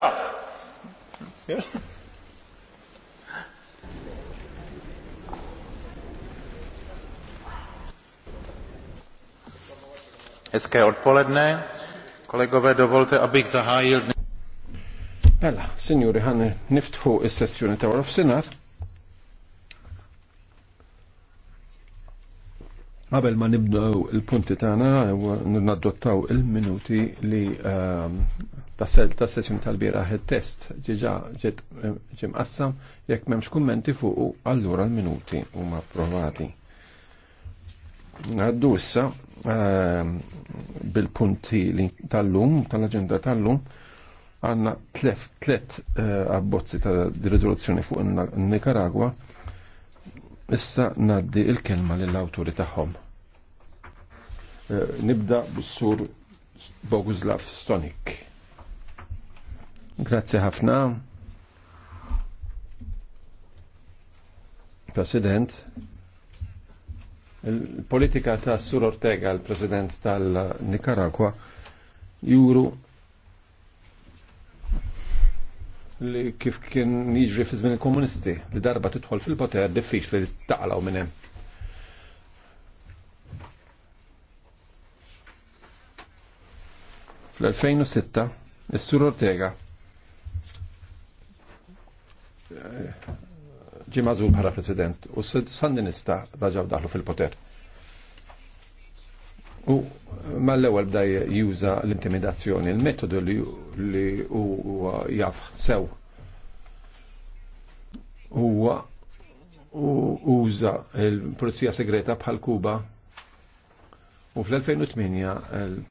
Ah. Hezké odpoledne. Kolegové, dovolte, abych zahájil... Mela, signori, ħan niftħu is-sessjoni ta' Senat. Qabel ma nibdew il-punti tagħna nadottaw il-minuti li ehm, tas sessjoni tal-bieraħ it-test ġiġa ġiet eh, ġimqassam jekk m'hemmx kummenti fuq, allura l-minuti huma approvati. Għaddu issa ehm, bil-punti tal-lum, tal-aġenda tal-lum, għandna tlet eh, abbozzi ta' riżoluzzjoni fuq in-Nikaragwa Issa naddi il-kelma lill-awturi tagħhom. Eh, nibda bis-sur Boguslav Stonik. Grazzi ħafna. President, il-politika ta' Sur Ortega, il-President tal-Nicaragua, juru li kif kien jiġri fi żmien il-komunisti li darba tidħol fil-poter diffiċli li taqlaw minn hemm. Fl-2006 is-Sur Ortega eh, ġi mażul bħala president u s-sandinista raġaw daħlu fil-poter. U imma l-ewwel bda juża l-intimidazzjoni, il-metodu li huwa jaf sew huwa uża l-Pulizija Segreta bħal Kuba u fl-2008